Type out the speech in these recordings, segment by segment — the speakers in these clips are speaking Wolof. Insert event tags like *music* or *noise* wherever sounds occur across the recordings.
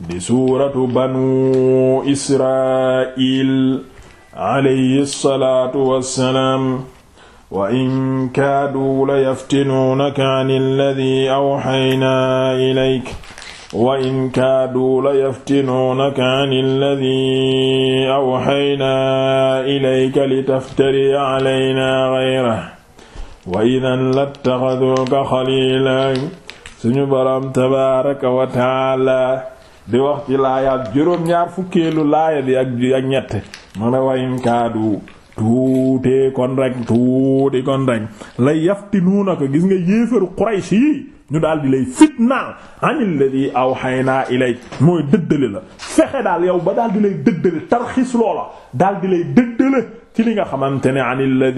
di suuratu banu israil alayhi salaatu wassalaam wa in kaaduu la yaftinuunaka an alladii awxaynaa ilayk wa in kaaduu la yaftinuunaka an alladii awxaynaa ilayka litaftariya calaynaa gayrahu wa idan lattaxaduuka xaliilaa suñu boroom tabaaraka wa tacaala di wax ci laayaab juróom-ñaar fukkeelu laaya bi ak ak ñett mu ne wayin kaadu tuutee kon rek tuuti kon rek la yaftinuuna ko gis nga yéefaru Quraysh yi ñu daal di lay fitnaal anil aw awhayna ilay mooy dëddale la fexe daal yow ba daal di lay dëddale tarxis loola daal di lay dëddale ci li nga xamante ne anil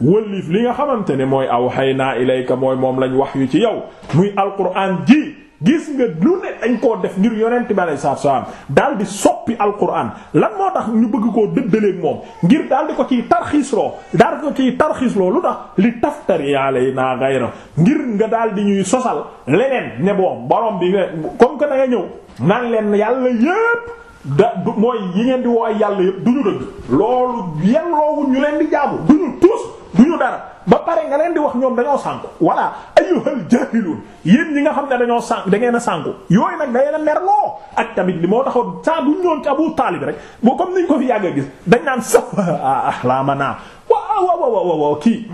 wëllif li nga xamante ne mooy awhayna ilayka mooy moom lañu wax yu ci yow muy alquran ji gis nga lu ne dañ koo def ngir yonent bi alayhi salaatu salaam daal di soppi alquran lan moo tax ñu bëgg koo dëddaleeg moom ngir daal di ko ciy tarxiisloo daal ko ciy tarxiisloo lu tax li taftari naa ghayra ngir nga daal di ñuy sosal leneen neboo boom borom bi comme que da ñëw naan leen yàlla yépp da du mooy yi ngeen di woo yàlla yépp du ñu dëgg loolu yelloowul ñu leen di jaamu du ñu du ñu dara ba pare nga leen di wax ñoom dañoo sànku voilà ayyuhal jaahilun yéen ñi nga xam ne dañoo sànku da ngeen a sànku yooyu nag day la merloo ak tamit li moo taxoon saa duñ ñoon ci Abu Taalib rek boo comme niñ ko fi yàgg a gis dañ naan safa ah, ah laa ma naa waaw kii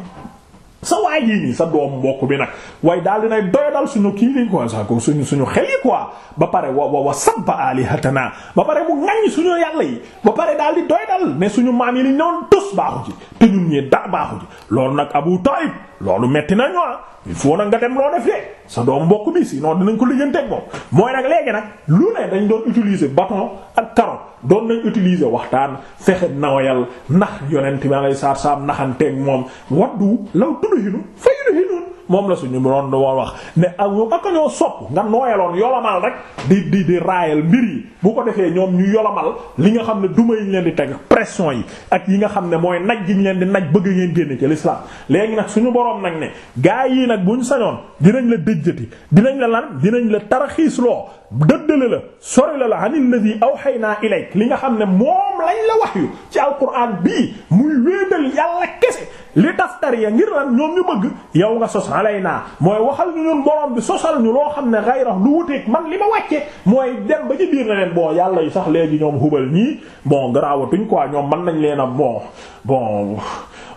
sa waay jii nii sa doom mbokk bi nag waaye daal dinay doyadal suñu kii liñ ko sax ko suñu suñu xel yi quoi ba pare wa wa wa sabba alihatana ba pare mu ŋaññi suñu yàlla yi ba pare daal di doyadal mais suñu maam yi liñ newoon tos baaxu ci te ñun ñee da baaxu ci loolu nag Abu Taib loolu metti na ñoo ah. il faut nag nga dem loo def de sa doomu mbokk si sinon dinañ ko lijjanteeg moom mooy nag léegi nag lu ne dañ doon utiliser bâton ak carotte doon nañ utiliser waxtaan fexe nawoyal nax yonent bi alayhi salaam naxanteeg moom waddu law tudhinu fayudhinu moom la suñu doon doon wax ne ak ñoom ak ñoo sopp nga nooyaloon yolamal rek di di di raayal mbir yi bu ko defee ñoom ñu yolomal li nga xam ne duma yi ñu leen di teg pression yi ak yi nga xam ne mooy naj gi ñu leen di naj bëgg ngeen génne ci l'islam léegi nag suñu boroom nag ne gaa yii nag ñu sañoon dinañ la déjjati dinañ la lan dinañ la taraxiisloo dëddale la sori la la anil ladhi awhayna ilayk li nga xam ne moom lañ la wax yu ci alquran bii muy wéetal yàlla kese li daftar ya ngir lan ñoom ñu bëgg yow nga sos alay naa mooy waxal ñu ñun borom bi sosal ñu loo xam ne xayra lu wuteeg man li ma wàcce mooy dem ba ci biir na leen bon yàlla yu sax léegi ñoom hubal ñii bon garawatuñ quoi ñoom man nañ leen a bon bon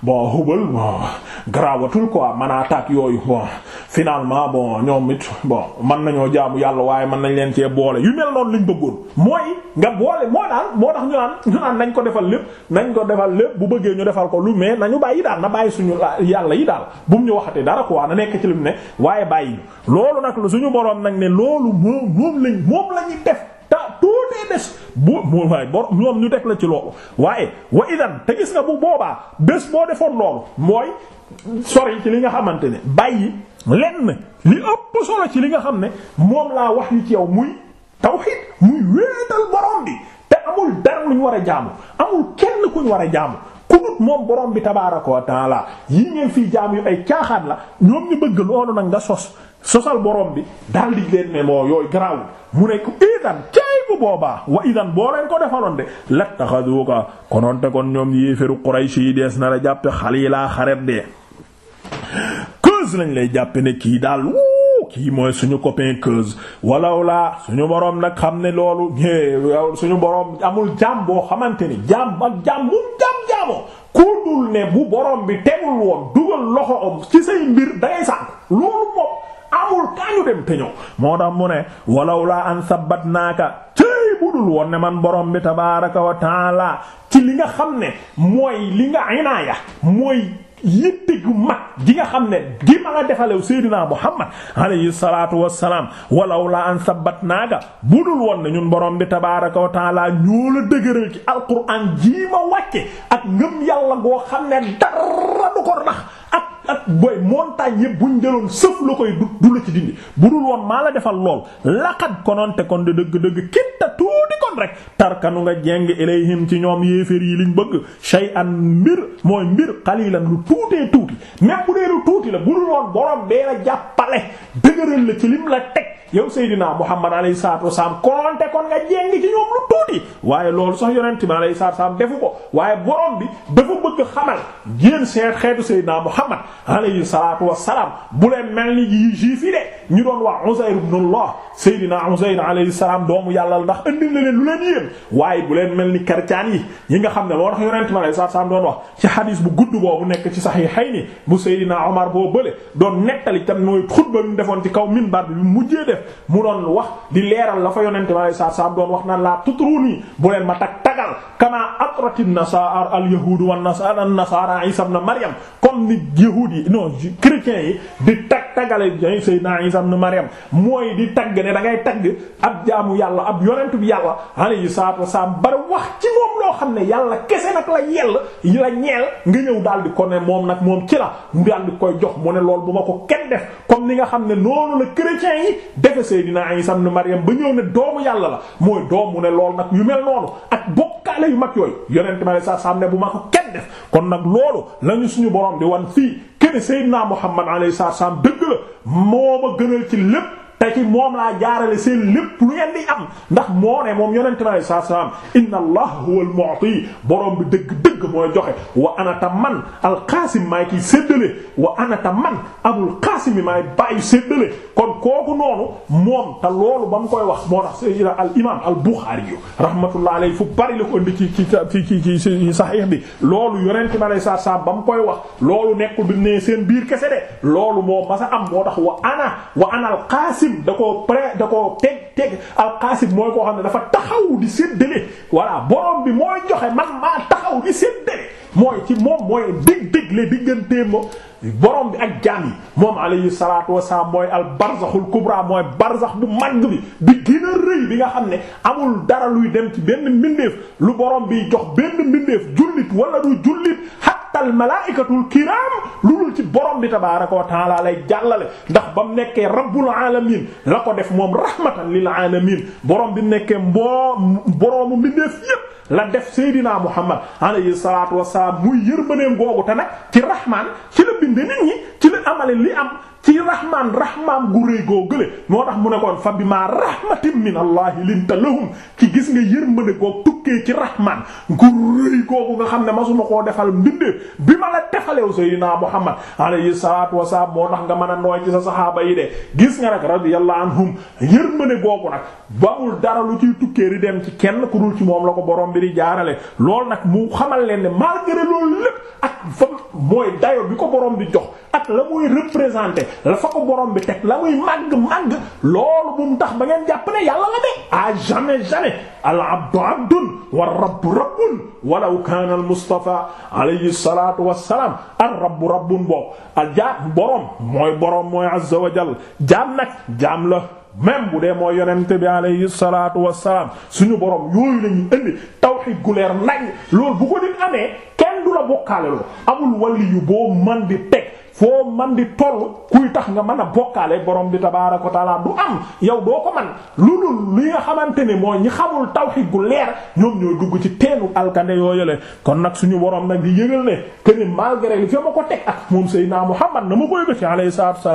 bon Hubble bon garawatul quoi man attaque yooyu bon finalement bon ñoom it bon mën nañoo jaamu yàlla waaye mën nañ leen cee boole yu mel noonu lañ bëggoon mooy nga boole moo daal moo tax ñu naan ñu naan nañ ko defal lépp nañ ko defal lépp bu bëggee ñu defal ko lu mais nañu bàyyi daal na bàyyi suñu yàlla yi daal bu mu ñu waxatee dara quoi na nekk ci lu mu ne waaye bàyyi loolu nag suñu boroom nag ne loolu moom moom lañ moom lañu def. ta tuutee des bu mu waay bor ñoom ñu teg la ci loolu waaye wa idan te gis nga bu boobaa bés boo defoon loolu mooy sor sori ci li nga xamante ne bàyyi lenn li ëpp solo ci li nga xam ne moom laa wax yi ci yow muy tawhid muy wéetal borom bi te amul dara lu ñu war a jàmm amul kenn kuñ war a jàmm ku dut moom borom bi tabaaraka wa taala yi ngeen fii jaamu yu ay caaxaan la ñoom ñu bëgg loolu nag nga sos sosal borom bi daal leen moo yooyu garaawul mu nekk idan bu boobaa wa idan boo leen ko defaloon de lattaxaduuka konoonte kon ñoom yéeféru Quraysh yi dees na la jàppe xaliilaa xaret de lañ lay jàppe kii daal kii mooy suñu copain keuse laa suñu boroom nag xam ne loolu eh, suñu boroom amul jaam boo xamante ni jaam ak jaam bu boroom bi tegul loxo om ci say mbir dem te ñëw moo tax mu ne walaw laa an sabbatnaaka budul woon ne man borom bi tabaaraka wa taala ci li nga xam ne mooy li nga inaaya mooy yitte gu mag gi nga xam ne gi ma la defalew seydinaa muhammad alayhi salaatu wassalaam walaw la an sabat naaga budul woon ne ñun borom bi tabaaraka wa taala ñoo la dëgëral ci alquran jii ma wàcce ak ngëm yàlla goo xam ne dara du ko rax ak ak booy montagne yëpp buñ jëloon sëf la koy du la ci dindi budul woon maa la defal lool laqad konoon te kon xam rek tarkanu nga jeng ilayhim ci ñoom yéefér yi liñ bëgg shay an mbir mooy mbir xalilan lu tuutee tuuti même bu dee lu tuuti la bu dul woon borom bee la jàppale dëgëral la ci lim la teg yow Seydina Muhammad alayhi salaatu wasalaam konte kon nga jéng ci ñoom lu tuuti waaye loolu sox yonent bi alayhi salaatu wasalaam ko waaye borom bi dafa bëgg xamal yéen seen xeetu Seydina Muhammad alayhi salaatu wasalaam bu leen mel ni yi juif yi de ñu doon wax Uzayr ibnullah Seydina Uzayr alayhi salaam doomu yàlla ndax indi na leen lu leen yéem waaye bu leen mel ni karcaan yi yi nga xam ne moo tax yonent bi alayhi doon wax ci xadiis bu gudd boobu nekk ci Sahihayni bu Seydina Omar boo bële doon nettali tam mooy xutba bi mu defoon ci kaw minbar bi mujjee def def mu doon wax di leeral la fa yonente ma lay saa saa doon wax naan laa tutruni bu leen ma tag tagal kamaa atrati nasaar al yahuud wan an nasaara isa maryam comme ni yahuud yi non yi di tag tagale ay Seydina Isa ibn Maryam mooy di tagg ne da ngay tagg ab jaamu yàlla ab yonentu bi yàlla alayhi salaatu wasalaam bari wax ci moom loo xam ne yàlla kese nag la yell yi la ñeel nga ñëw daal di ko ne moom nag moom ci la mu daal di koy jox mu ne lool bu ma ko kenn def comme ni nga xam ne noonu la chrétiens yi defe Seydina Isa ibn Maryam ba ñëw ne doomu yàlla la mooy doomu ne lool nag yu mel noonu ak bokkaale yu mag yooyu yonent ma ne sa ne bu ma ko kenn kon nag loolu lañu suñu borom di wan fii kene Seydina Muhammad alayhi salaam dëgg la moo ma gënal ci lépp te ci moom laa jaarale seen lépp lu ngeen am ndax moo moom yonente bi alei saatu salaam inna allah huwal mu'ti borom bi dëgg-dëgg mooy joxe wa anata man alqaasim maay kiy séddale wa anata man abul qaasim maay bàyyi séddale kon kooku noonu moom te loolu ba mu koy wax moo tax al imam al buxaari yu rahmatullah alayhi fu bari la ko indi ci ci ci ci ci saxiix bi loolu yonente bi alei saatu salaam ba mu koy wax loolu nekkul du ne seen biir kese de loolu moo masa am moo tax wa ana wa ana alqaasim Qaasim da koo pré da ko teg teg al Qaasim mooy koo xam ne dafa taxaw di séddale voilà borom bi mooy joxe man maa taxaw di séddale mooy ci moom mooy dég-dég le digganteem ma borom bi ak jaam yi moom alayhi salaatu wasalaam mooy al barzaxul kubra mooy barzax bu màgg bi bi gën rëy bi nga xam ne amul dara luy dem ci benn mbindeef lu borom bi jox benn mbindeef jullit wala du jullit xàttal malaa'ikatul kiraam lu dul ci borom bi tabaaraka wa lay jàllale ndax ba mu nekkee rabbul alamin la ko def moom rahmatan lil alamin borom bi nekkee mboo boromu mbindeef yépp la def Seydina Muhammad alayhi salaatu wa muy yërmaneem googu te nag ci rahmaan ci la binde nit ñi ci la amale li am. ci rahmaan rahmaan gu rëy goo gële moo tax mu ne koon fa bi maa rahmatin min allahi linta lahum ci gis nga yërmande goo tukkee ci rahmaan gu rëy googu nga xam ne masuma koo defal mbindee bi ma la defalew sayyidina muhammad alayhi salatu wasalaam moo tax nga mën a nooy ci sa saxaaba yi de gis nga nag radiyallahu anhum yërmande googu nag bamul dara lu ciy tukkee di dem ci kenn ku dul ci moom la ko borom bi di jaarale loolu nag mu xamal leen ne malgré loolu lépp ak fa mooy dayo bi ko borom bi jox ak la muy représenter la fa ko borom bi teg la muy màgg màgg loolu bu mu tax ba ngeen jàpp ne yàlla la de à jamais jamais al abdu abdun wa rabbu rabbun walaw kaana al mustafa alayhi salatu wassalam ar rabbu rabbun boobu al jaam borom mooy borom mooy azza wa jal jaam nag jaam la même bu dee mooy yonente bi alayhi salatu wassalam suñu borom yooyu lañuy indi tawhid gu leer nañ loolu bu ko nit amee du la bokkaale loo amul waliyu boo man di teg foo man di toll kuy tax nga mën a bokkaale borom bi tabaaraka wa taala du am yow doo ko man lu dul li nga xamante ne mooy ñi xamul tawhid gu leer ñoom ñoo dugg ci teenu alkande yoo yële kon nag suñu borom nag yi yëgal ne que ni malgré li fi ma ko teg ak moom Seydina Muhammad na ma ko yëgal ci alayhi salaatu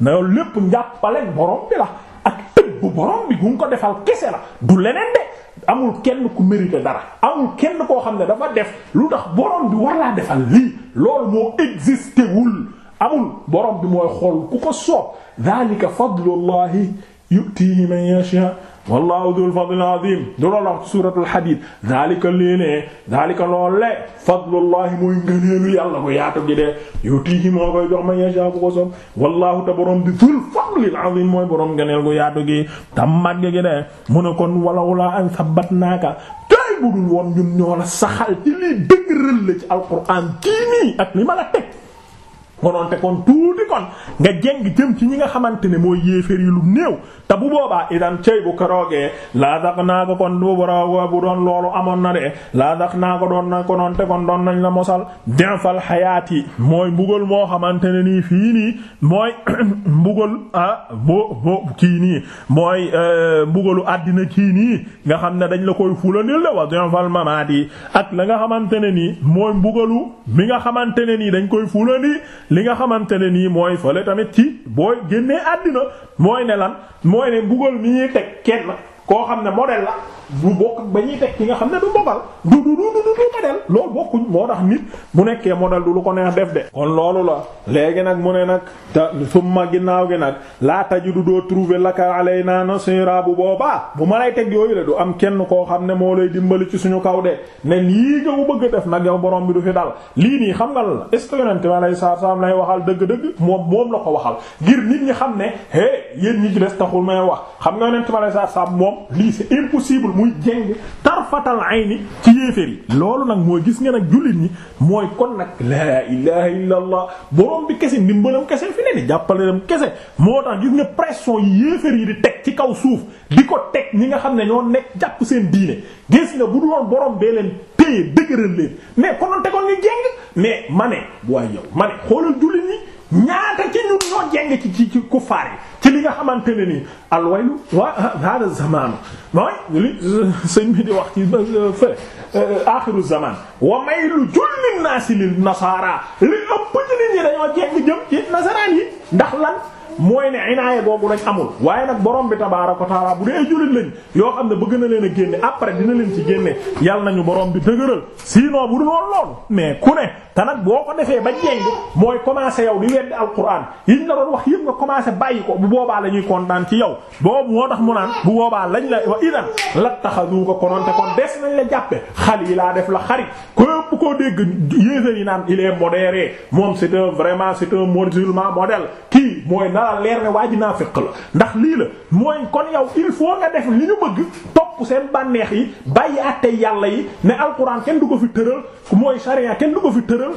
wa lépp njàppale borom bi la ak bu borom ko defal kese la du leneen de. amul kenn ku mérite dara amul kenn koo xam ne dafa def lu tax borom bi war laa defal lii loolu moo existé wul amul borom bi mooy xool ku ko soob daalika fadlullahi yu'tihi man yasha wallahu dhul fadl azim du loolu wax suuratul hadiid daalika léenee daalika loolu le fadlullahi mooy ngëneelu yàlla bu yaatu gi dee yu'tihi moo koy jox man yasha ku ko soob wallahu te borom bi dhul fadlil azim mooy borom ngëneel gu yaatu gi tam màgg gi dee mu ne kon walawlaa an sabbatnaaka tey budul woon ñun ñoo la saxal ci lii dëgg rël la ci alquraan kii nii ak li ma la teg konoonte kon tuuti kon nga jeng jëm ci ñi nga xamante ne mooy yéeféer yi lu néew te bu boobaa idan cey bu keroogee laa dax naa ko kon bu barawa bu doon loolu amoon na de laa dax naa ko doon na konoonte kon doon nañ la mosal denfal xayaat yi mooy mbugal moo xamante ne nii fii nii mooy *clears throat* mbugal ah bo bo kii eh, mbugalu àddina kii nii nga xam ne dañ la koy fulanil la wa denfal mamaat ak la nga xamante ne nii mooy mbugalu mi nga xamante ne nii dañ koy fulani li nga xamante ne nii mooy fële tamit ci booy génnee àdduna mooy ne lan mooy ne mbugal mi ñuy teg kenn koo xam ne modèle la bu bokk ba ñuy teg ki nga xam ne du mobal du du du du du modèle loolu bokkuñ moo tax nit bu nekkee modèle du lu ko neex def de kon loolu la léegi nag mu ne nag te summa ginnaaw gi nag laa tajidu doo trouver laka alaynaa nasira bu boobaa bu ma lay teg yooyu la du am kenn koo xam ne moo lay dimbali ci suñu kaw de ne lii nga ko bëgg def nag yow borom bi du fi dal lii nii xam nga la est-ce que yonente ma lay saa saam lay waxal dëgg-dëgg moom moom la ko waxal ngir nit ñi xam ne hé yéen ñi ci des taxul may wax xam nga yonente ma lay saa saam moom lii c'est impossible muy jeng tarfatal ayni ci yéeféer yi loolu nag mooy gis nga nag jullit ñi mooy kon nag laa ilaha illa allah borom bi kese ndimbalam kese fi ne ni jàppalenam kese moo tax gis nga pression yi yéeféer yi di teg ci kaw suuf di ko teg ñi nga xam ne ñoo nekk jàpp seen diine gis nga bu dul woon borom bee leen téye dëgëral leen mais konoon tegoon nga jeng mais ma ne waaye yow ma ne xoolal jullit ñi ñaata ci ñun ñoo jeng ci ci ci ku faar yi ci li nga xamante ne nii alwaylu wa hada zamanu mooy li sëñ bi di wax ci euh, fële euh, axiru zaman wa maylu julli naasi lil nasaara li ëpp ci nit ñi dañoo jeng jëm ci nasaraan yi ndax lan mooy ne inaaya googu lañ amul waaye nag boroom bi tabaaraka ko taala bu dee jullit lañ yoo xam ne bëgg na leen a génne après dina leen ci génne yàlla nañu borom bi dëgëral sinon bu dul woon lool mais ku ne te nag boo ko defee ba jeng mooy commencé yow di weddi alquran yiñ la doon wax yëpp nga commencé bàyyi ko bu boobaa la ñuy kontaan ci yow boobu moo tax mu naan bu boobaa lañ la wa idan la taxadu ko te kon des nañ la jàppe xal yi laa def la xarit képp koo dégg yéesal yi naan il moom c'est un vraiment c'est un musulman dala leer ne waa ji naafiq la ndax lii la mooy kon yow il faut nga def li ñu bëgg topp seen bànneex yi bàyyi àtte yàlla yi ne alxuraan kenn du ko fi tëral mooy sharia kenn du ko fi tëral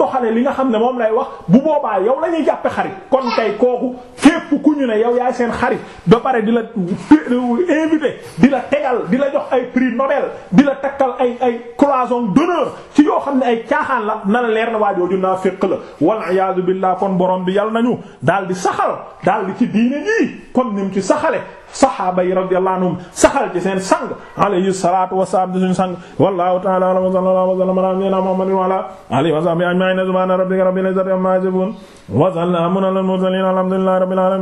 doxale li nga xam ne moom lay wax bu boobaa yow la ñuy jàppe xarit kon kay kooku fépp ku ñu ne yow yaay seen xari ba pare di la invité di la tegal di la jox ay prix Nobel di la takkal ay ay cloison d'honneur ci yoo xam ne ay caaxaan la na la leer na waajooju naa féq la wal iyaadu billah kon borom bi yàlla nañu daal di saxal daal di ci diine nii comme ni ci saxale saxaaba yi radiyallahu anhum saxal ci seen sang alayhi salatu wasalaam di suñu sang wallahu ta'ala wa sallallahu wa sallama ala ajma'iin subhaana rabbika rabbil izzati ammaa yasifuun wa salaamun alal mursaliin walhamdulillaahi rabbil aalamiin